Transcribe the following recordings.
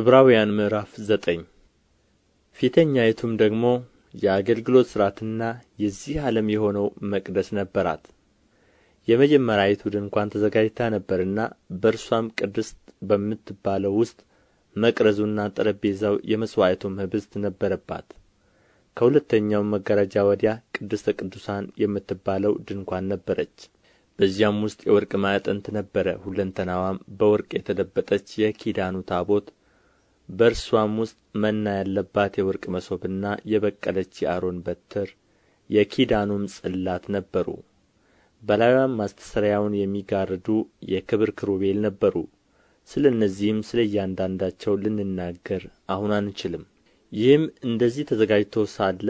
ዕብራውያን ምዕራፍ ዘጠኝ ፊተኛይቱም ደግሞ የአገልግሎት ሥርዓትና የዚህ ዓለም የሆነው መቅደስ ነበራት የመጀመሪያይቱ ድንኳን ተዘጋጅታ ነበርና በእርሷም ቅድስት በምትባለው ውስጥ መቅረዙና ጠረጴዛው የመሥዋዕቱም ኅብስት ነበረባት ከሁለተኛውም መጋረጃ ወዲያ ቅድስተ ቅዱሳን የምትባለው ድንኳን ነበረች በዚያም ውስጥ የወርቅ ማዕጠንት ነበረ ሁለንተናዋም በወርቅ የተለበጠች የኪዳኑ ታቦት በእርስዋም ውስጥ መና ያለባት የወርቅ መሶብና የበቀለች የአሮን በትር የኪዳኑም ጽላት ነበሩ በላዩም ማስተሰሪያውን የሚጋርዱ የክብር ክሩቤል ነበሩ ስለ እነዚህም ስለ እያንዳንዳቸው ልንናገር አሁን አንችልም ይህም እንደዚህ ተዘጋጅቶ ሳለ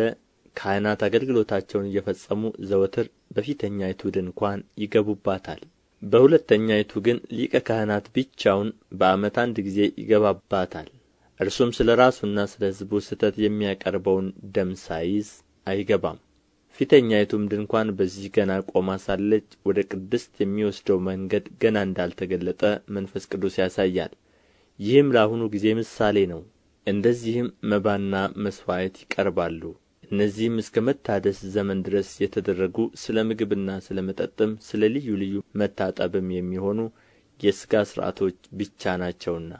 ካህናት አገልግሎታቸውን እየፈጸሙ ዘወትር በፊተኛይቱ ድንኳን ይገቡባታል በሁለተኛይቱ ግን ሊቀ ካህናት ብቻውን በዓመት አንድ ጊዜ ይገባባታል እርሱም ስለ ራሱና ስለ ሕዝቡ ስሕተት የሚያቀርበውን ደም ሳይዝ አይገባም ፊተኛይቱም ድንኳን በዚህ ገና ቆማ ሳለች ወደ ቅድስት የሚወስደው መንገድ ገና እንዳልተገለጠ መንፈስ ቅዱስ ያሳያል ይህም ለአሁኑ ጊዜ ምሳሌ ነው እንደዚህም መባና መሥዋዕት ይቀርባሉ እነዚህም እስከ መታደስ ዘመን ድረስ የተደረጉ ስለ ምግብና ስለ መጠጥም ስለ ልዩ ልዩ መታጠብም የሚሆኑ የሥጋ ሥርዓቶች ብቻ ናቸውና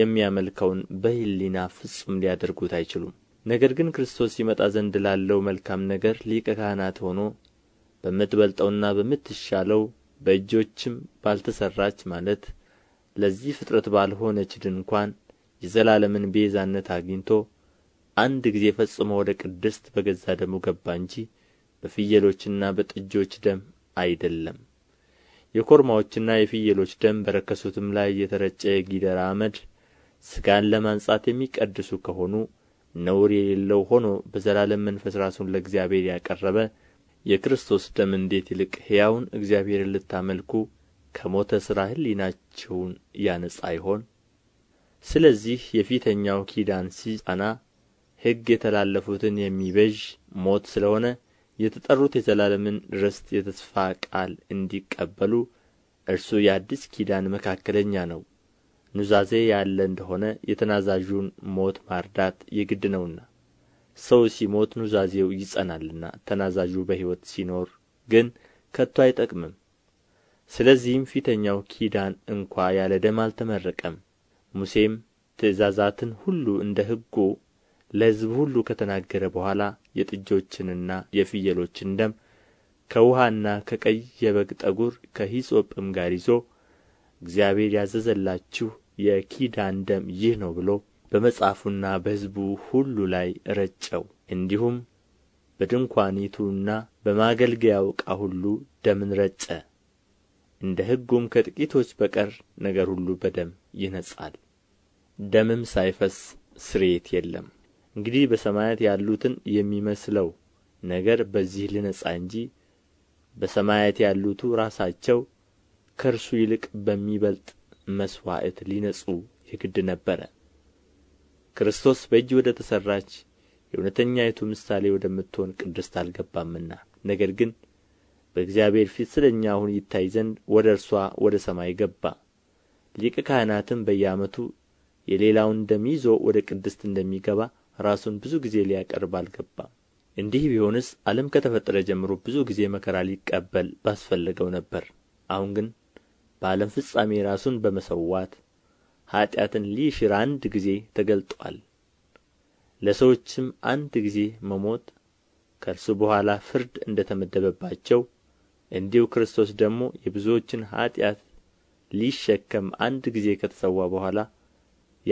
የሚያመልከውን በሕሊና ፍጹም ሊያደርጉት አይችሉም ነገር ግን ክርስቶስ ይመጣ ዘንድ ላለው መልካም ነገር ሊቀ ካህናት ሆኖ በምትበልጠውና በምትሻለው በእጆችም ባልተሠራች ማለት ለዚህ ፍጥረት ባልሆነች ድንኳን የዘላለምን ቤዛነት አግኝቶ አንድ ጊዜ ፈጽሞ ወደ ቅድስት በገዛ ደሙ ገባ እንጂ በፍየሎችና በጥጆች ደም አይደለም። የኮርማዎችና የፍየሎች ደም በረከሱትም ላይ የተረጨ የጊደር አመድ ሥጋን ለማንጻት የሚቀድሱ ከሆኑ ነውር የሌለው ሆኖ በዘላለም መንፈስ ራሱን ለእግዚአብሔር ያቀረበ የክርስቶስ ደም እንዴት ይልቅ ሕያውን እግዚአብሔርን ልታመልኩ ከሞተ ሥራ ሕሊናችሁን ያነጻ ይሆን? ስለዚህ የፊተኛው ኪዳን ሲጸና ሕግ የተላለፉትን የሚበዥ ሞት ስለ ሆነ የተጠሩት የዘላለምን ርስት የተስፋ ቃል እንዲቀበሉ እርሱ የአዲስ ኪዳን መካከለኛ ነው። ኑዛዜ ያለ እንደሆነ የተናዛዡን ሞት ማርዳት የግድ ነውና ሰው ሲሞት ኑዛዜው ይጸናልና ተናዛዡ በሕይወት ሲኖር ግን ከቶ አይጠቅምም ስለዚህም ፊተኛው ኪዳን እንኳ ያለ ደም አልተመረቀም ሙሴም ትእዛዛትን ሁሉ እንደ ሕጉ ለሕዝብ ሁሉ ከተናገረ በኋላ የጥጆችንና የፍየሎችን ደም ከውሃና ከቀይ የበግ ጠጉር ከሂሶጵም ጋር ይዞ እግዚአብሔር ያዘዘላችሁ የኪዳን ደም ይህ ነው ብሎ በመጽሐፉና በሕዝቡ ሁሉ ላይ ረጨው እንዲሁም በድንኳኒቱና በማገልገያው ዕቃ ሁሉ ደምን ረጨ እንደ ሕጉም ከጥቂቶች በቀር ነገር ሁሉ በደም ይነጻል ደምም ሳይፈስ ስርየት የለም እንግዲህ በሰማያት ያሉትን የሚመስለው ነገር በዚህ ልነጻ እንጂ በሰማያት ያሉቱ ራሳቸው ከእርሱ ይልቅ በሚበልጥ መሥዋዕት ሊነጹ የግድ ነበረ ክርስቶስ በእጅ ወደ ተሠራች የእውነተኛይቱ ምሳሌ ወደምትሆን ቅድስት አልገባምና ነገር ግን በእግዚአብሔር ፊት ስለ እኛ አሁን ይታይ ዘንድ ወደ እርሷ ወደ ሰማይ ገባ ሊቀ ካህናትም በየዓመቱ የሌላውን ደም ይዞ ወደ ቅድስት እንደሚገባ ራሱን ብዙ ጊዜ ሊያቀርብ አልገባም። እንዲህ ቢሆንስ ዓለም ከተፈጠረ ጀምሮ ብዙ ጊዜ መከራ ሊቀበል ባስፈለገው ነበር። አሁን ግን በዓለም ፍጻሜ ራሱን በመሰዋት ኃጢአትን ሊሽር አንድ ጊዜ ተገልጧል ለሰዎችም አንድ ጊዜ መሞት ከእርሱ በኋላ ፍርድ እንደ ተመደበባቸው እንዲሁ ክርስቶስ ደግሞ የብዙዎችን ኀጢአት ሊሸከም አንድ ጊዜ ከተሰዋ በኋላ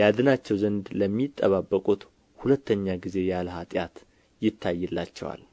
ያድናቸው ዘንድ ለሚጠባበቁት ሁለተኛ ጊዜ ያለ ኀጢአት ይታይላቸዋል